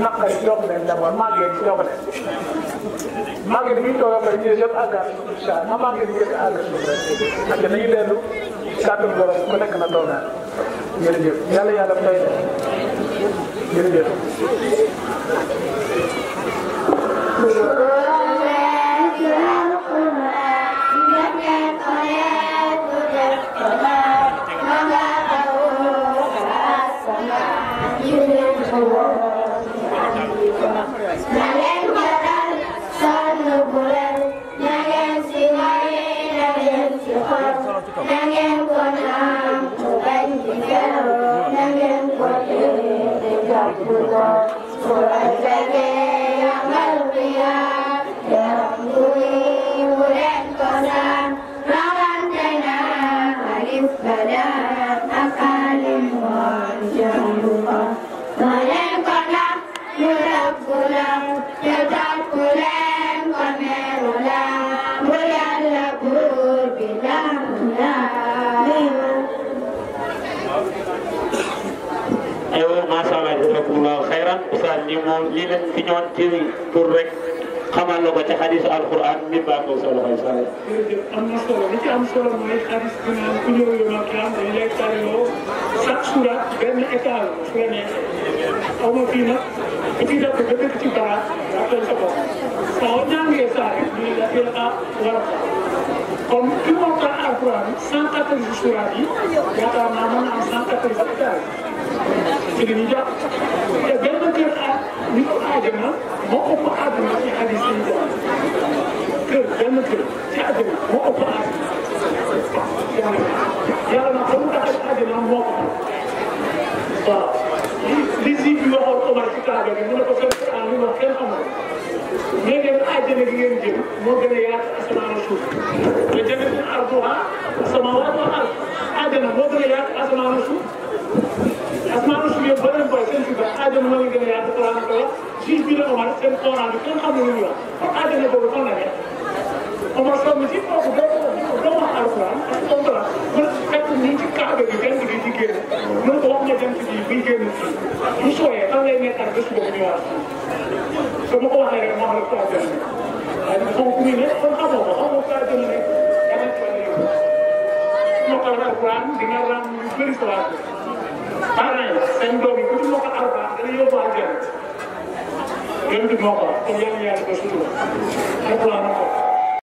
naqari ci yokku leen d' abord màggee ci yokku leen màggee bi ñu toog rek ñu ne yëpp àggaat incha allah ma màggee bi njëkk a àgg suuf rek parce que dañuy dellu kàddu borom ku nekk na toogaat jërëjëf yàlla yàlla fay def jërëjëf. nâng em quân hàm thủ anh tình kế nâng em quân yêu tình gặp vừa rồi rồi anh sẽ leeral ustaas ni moom li leen fi ñëwoon ci pour rek xamal la ko ci xadis alquran nit baa ko sa xay solo am na solo li ci am solo mooy xadis naan ku ñëw yoon ak dañ lay sura benn su la ma sa bopp alquran sura yaakaar naa mën am ذكر لأعجم موقف عدم في حديث كر دائما كر تعدم موقف عدم يعني يعني أنا قلت على عدم عن موقف لذي بيوع الأمر كتابة من أفكار أنا ما كان أمر نجم عدم ينجم مغنيات أسمع نشوف وجنة أرضها السماوات والأرض عدم مغنيات أسمع نشوف أسمع نشوف àjjana moo ngi gën a yaatu Alxuraan ko wax juge bi la Omar seen Alxuraan bi kenn xamul lu ñu wax kon àjjana boobu fan la nekk Omar Sow mi ci kooku doo doo wax Alxuraan parce que Omar mën fekk ñu ci kaaba bi jant bi di génn mën ko wax ne jant bi buy génn fii bu sooyee fan lay nekkaat bés boobu ñu wax te ma ko waxee rek ma xam ne ko àjjana waaye nag xaw ku muy nekk kon xamoo ko xamoo ko àjjana nekk dama ci fan la yóbbu ma ko wax Alxuraan dina raam lu bëri parrain seen doom yi ku ci mokkal alxuraan dana yóbbu aljanna yéen bi moo ko wax kon yàlla yàlla ko